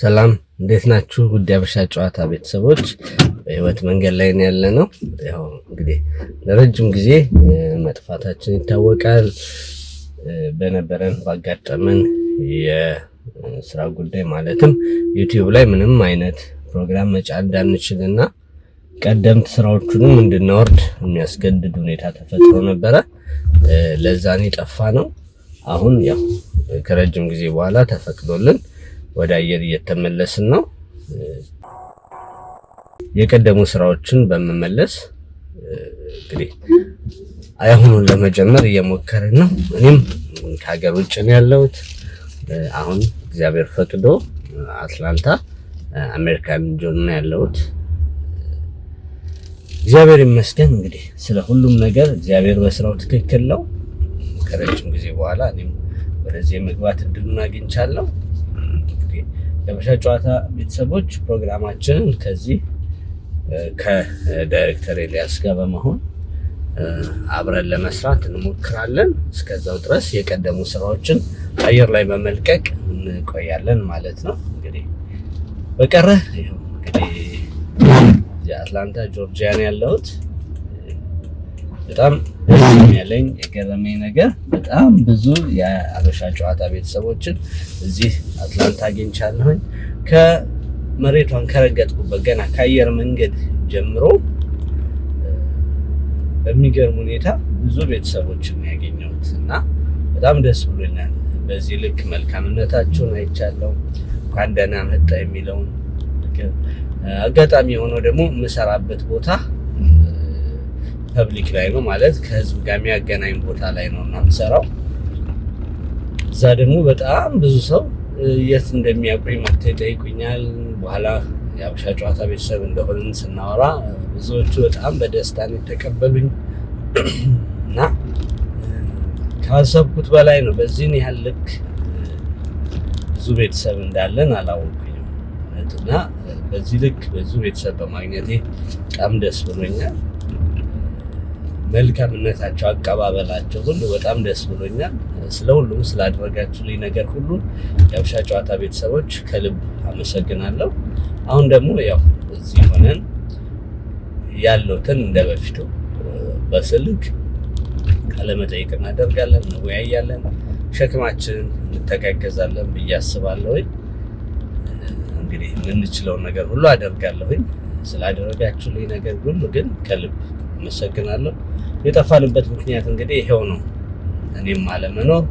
ሰላም እንዴት ናችሁ? ውድ የሀበሻ ጨዋታ ቤተሰቦች፣ በህይወት መንገድ ላይ ነው ያለ ነው። ያው እንግዲህ ለረጅም ጊዜ መጥፋታችን ይታወቃል። በነበረን ባጋጠመን የስራ ጉዳይ ማለትም ዩቲዩብ ላይ ምንም አይነት ፕሮግራም መጫን እንዳንችል እና ቀደምት ስራዎቹንም እንድናወርድ የሚያስገድድ ሁኔታ ተፈጥሮ ነበረ። ለዛኔ ጠፋ ነው። አሁን ያው ከረጅም ጊዜ በኋላ ተፈቅዶልን ወደ አየር እየተመለስን ነው። የቀደሙ ስራዎችን በመመለስ እንግዲህ አሁኑን ለመጀመር እየሞከርን ነው። እኔም ከሀገር ውጭ ነው ያለሁት። አሁን እግዚአብሔር ፈቅዶ አትላንታ አሜሪካን ጆን ነው ያለሁት። እግዚአብሔር ይመስገን እንግዲህ ስለ ሁሉም ነገር እግዚአብሔር በስራው ትክክል ነው። ከረጅም ጊዜ በኋላ እኔም ወደዚህ የመግባት እድሉን አግኝቻለሁ። የመሸት ጨዋታ ቤተሰቦች ፕሮግራማችንን ከዚህ ከዳይሬክተር ኤልያስ ጋር በመሆን አብረን ለመስራት እንሞክራለን። እስከዛው ድረስ የቀደሙ ስራዎችን አየር ላይ በመልቀቅ እንቆያለን ማለት ነው። እንግዲህ በቀረ እንግዲህ የአትላንታ ጆርጂያን ያለሁት በጣም ደስም ያለኝ የገረመኝ ነገር በጣም ብዙ የአበሻ ጨዋታ ቤተሰቦችን እዚህ አትላንታ አግኝቻለሁኝ። ከመሬቷን ከረገጥኩበት ገና ከአየር መንገድ ጀምሮ በሚገርም ሁኔታ ብዙ ቤተሰቦችን ያገኘሁት እና በጣም ደስ ብሎኛል። በዚህ ልክ መልካምነታቸውን አይቻለው። እንኳን ደህና መጣ የሚለውን አጋጣሚ የሆነው ደግሞ የምሰራበት ቦታ ፐብሊክ ላይ ነው ማለት ከህዝብ ጋር የሚያገናኝ ቦታ ላይ ነው እና የምሰራው። እዛ ደግሞ በጣም ብዙ ሰው የት እንደሚያውቁኝ መጥቶ ይጠይቁኛል። በኋላ የሀበሻ ጨዋታ ቤተሰብ እንደሆንን ስናወራ ብዙዎቹ በጣም በደስታ ነው የተቀበሉኝ እና ካሰብኩት በላይ ነው። በዚህን ያህል ልክ ብዙ ቤተሰብ እንዳለን አላወቅኩኝም እና በዚህ ልክ ብዙ ቤተሰብ በማግኘቴ በጣም ደስ ብሎኛል። መልካምነታቸው፣ አቀባበላቸው ሁሉ በጣም ደስ ብሎኛል። ስለ ሁሉም ስላደረጋችሁልኝ ነገር ሁሉ የአብሻ ጨዋታ ቤተሰቦች ከልብ አመሰግናለሁ። አሁን ደግሞ ያው እዚህ ሆነን ያለሁትን እንደ በፊቱ በስልክ ቃለመጠይቅ እናደርጋለን፣ እንወያያለን፣ ሸክማችንን እንተጋገዛለን ብዬ አስባለሁኝ። እንግዲህ የምንችለውን ነገር ሁሉ አደርጋለሁኝ። ስላደረጋችሁልኝ ነገር ሁሉ ግን ከልብ አመሰግናለሁ። የጠፋንበት ምክንያት እንግዲህ ይሄው ነው፣ እኔም አለመኖር።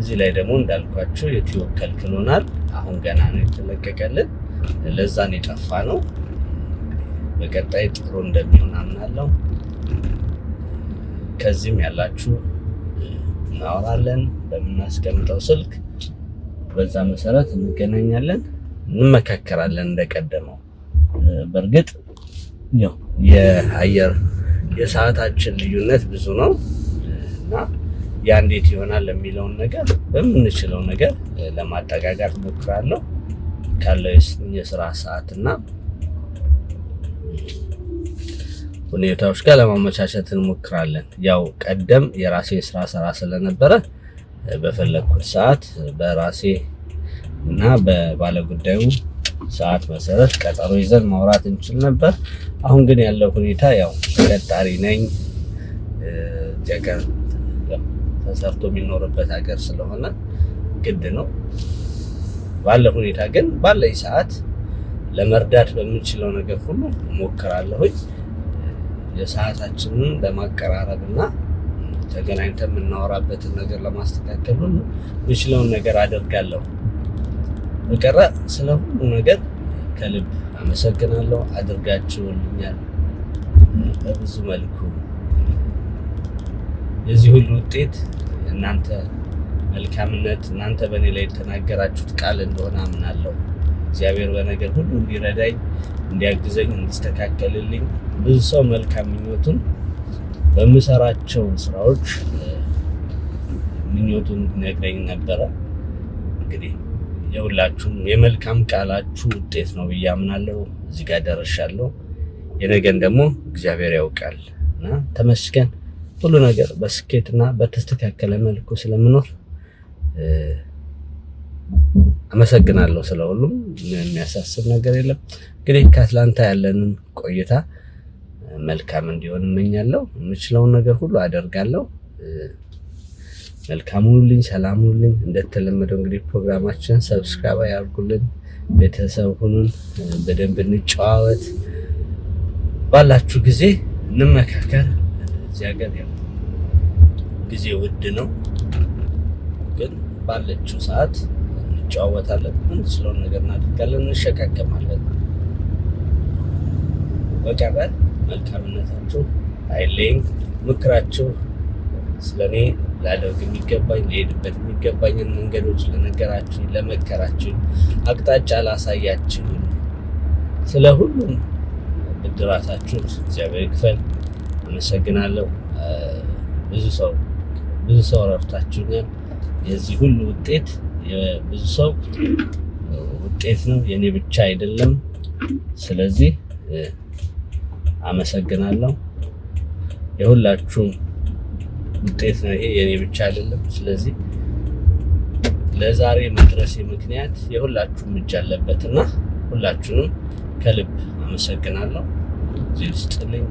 እዚህ ላይ ደግሞ እንዳልኳቸው ዩቲዩብ ከልክሎናል። አሁን ገና ነው የተለቀቀልን፣ ለዛን የጠፋ ነው። በቀጣይ ጥሩ እንደሚሆን አምናለሁ። ከዚህም ያላችሁ እናወራለን በምናስቀምጠው ስልክ። በዛ መሰረት እንገናኛለን፣ እንመካከራለን እንደቀደመው። በእርግጥ ያው የአየር የሰዓታችን ልዩነት ብዙ ነው እና ያ እንዴት ይሆናል የሚለውን ነገር በምንችለው ነገር ለማጠጋጋት ሞክራለሁ ካለው የስራ ሰዓት እና ሁኔታዎች ጋር ለማመቻቸት እንሞክራለን። ያው ቀደም የራሴ ስራ ስራ ስለነበረ በፈለግኩት ሰዓት በራሴ እና በባለጉዳዩ ሰዓት መሰረት ቀጠሮ ይዘን ማውራት እንችል ነበር። አሁን ግን ያለው ሁኔታ ያው ተቀጣሪ ነኝ ጀገር ተሰርቶ የሚኖርበት ሀገር ስለሆነ ግድ ነው። ባለ ሁኔታ ግን ባለኝ ሰዓት ለመርዳት በምንችለው ነገር ሁሉ እሞክራለሁኝ። የሰዓታችንን ለማቀራረብ እና ተገናኝተን የምናወራበትን ነገር ለማስተካከል ሁሉ የምችለውን ነገር አደርጋለሁ። በቀረ ስለ ሁሉ ነገር ከልብ አመሰግናለሁ። አድርጋችሁልኛል በብዙ መልኩ። የዚህ ሁሉ ውጤት እናንተ መልካምነት፣ እናንተ በእኔ ላይ የተናገራችሁት ቃል እንደሆነ አምናለሁ። እግዚአብሔር በነገር ሁሉ እንዲረዳኝ፣ እንዲያግዘኝ፣ እንዲስተካከልልኝ ብዙ ሰው መልካም ምኞቱን በምሰራቸው ስራዎች ምኞቱን ነግረኝ ነበረ እንግዲህ የሁላችሁም የመልካም ቃላችሁ ውጤት ነው ብዬ አምናለሁ። እዚህ ጋር ደረሻለሁ። የነገን ደግሞ እግዚአብሔር ያውቃል እና ተመስገን ሁሉ ነገር በስኬትና በተስተካከለ መልኩ ስለምኖር አመሰግናለሁ። ስለ ሁሉም የሚያሳስብ ነገር የለም። እንግዲህ ከአትላንታ ያለንን ቆይታ መልካም እንዲሆን እመኛለሁ። የምችለውን ነገር ሁሉ አደርጋለሁ። መልካም ሁኑልኝ፣ ሰላም ሁኑልኝ። እንደተለመደው እንግዲህ ፕሮግራማችን ሰብስክራይብ ያርጉልን፣ ቤተሰብ ሁኑን፣ በደንብ እንጨዋወት፣ ባላችሁ ጊዜ እንመካከር። እዚህ ሀገር ያው ጊዜ ውድ ነው፣ ግን ባለችው ሰዓት እንጨዋወታለን። ምን ስለሆነ ነገር እናደርጋለን፣ እንሸቃቀማለን። በቀበል መልካምነታችሁ አይለኝ፣ ምክራችሁ ስለኔ ላደርግ የሚገባኝ ልሄድበት የሚገባኝን መንገዶች ለነገራችሁኝ፣ ለመከራችሁኝ፣ አቅጣጫ ላሳያችሁኝ ስለ ሁሉም ብድራታችሁን እግዚአብሔር ይክፈል። አመሰግናለሁ። ብዙ ሰው ብዙ ሰው ረድታችሁኛል። የዚህ ሁሉ ውጤት የብዙ ሰው ውጤት ነው፣ የእኔ ብቻ አይደለም። ስለዚህ አመሰግናለሁ የሁላችሁም ውጤት ነው። ይሄ የኔ ብቻ አይደለም። ስለዚህ ለዛሬ መድረሴ ምክንያት የሁላችሁም እጅ አለበት እና ሁላችሁንም ከልብ አመሰግናለሁ። እዚህ ልስጥልኝ፣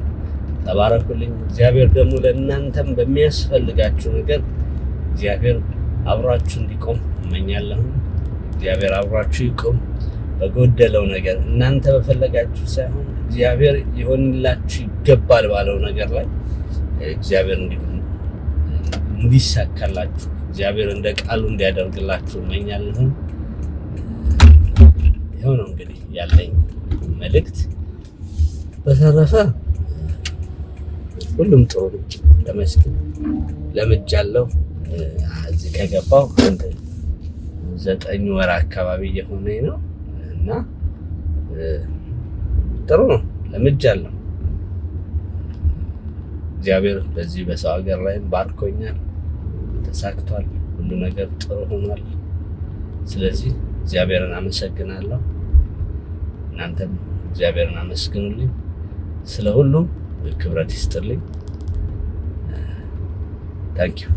ተባረኩልኝ። እግዚአብሔር ደግሞ ለእናንተም በሚያስፈልጋችሁ ነገር እግዚአብሔር አብሯችሁ እንዲቆም እመኛለሁ። እግዚአብሔር አብሯችሁ ይቆም። በጎደለው ነገር እናንተ በፈለጋችሁ ሳይሆን እግዚአብሔር ሊሆንላችሁ ይገባል ባለው ነገር ላይ እግዚአብሔር እንዲሆን እንዲሳካላችሁ እግዚአብሔር እንደ ቃሉ እንዲያደርግላችሁ እመኛለሁ። ይኸው ነው እንግዲህ ያለኝ መልእክት። በተረፈ ሁሉም ጥሩ ተመስገን። ለምጃለሁ። እዚህ ከገባው አንድ ዘጠኝ ወር አካባቢ የሆነ ነው እና ጥሩ ነው። ለምጃለሁ። እግዚአብሔር በዚህ በሰው ሀገር ላይም ባርኮኛል። ተሳክቷል። ሁሉ ነገር ጥሩ ሆኗል። ስለዚህ እግዚአብሔርን አመሰግናለሁ። እናንተም እግዚአብሔርን አመስግኑልኝ። ስለ ሁሉ ክብረት ይስጥልኝ። ታንኪዩ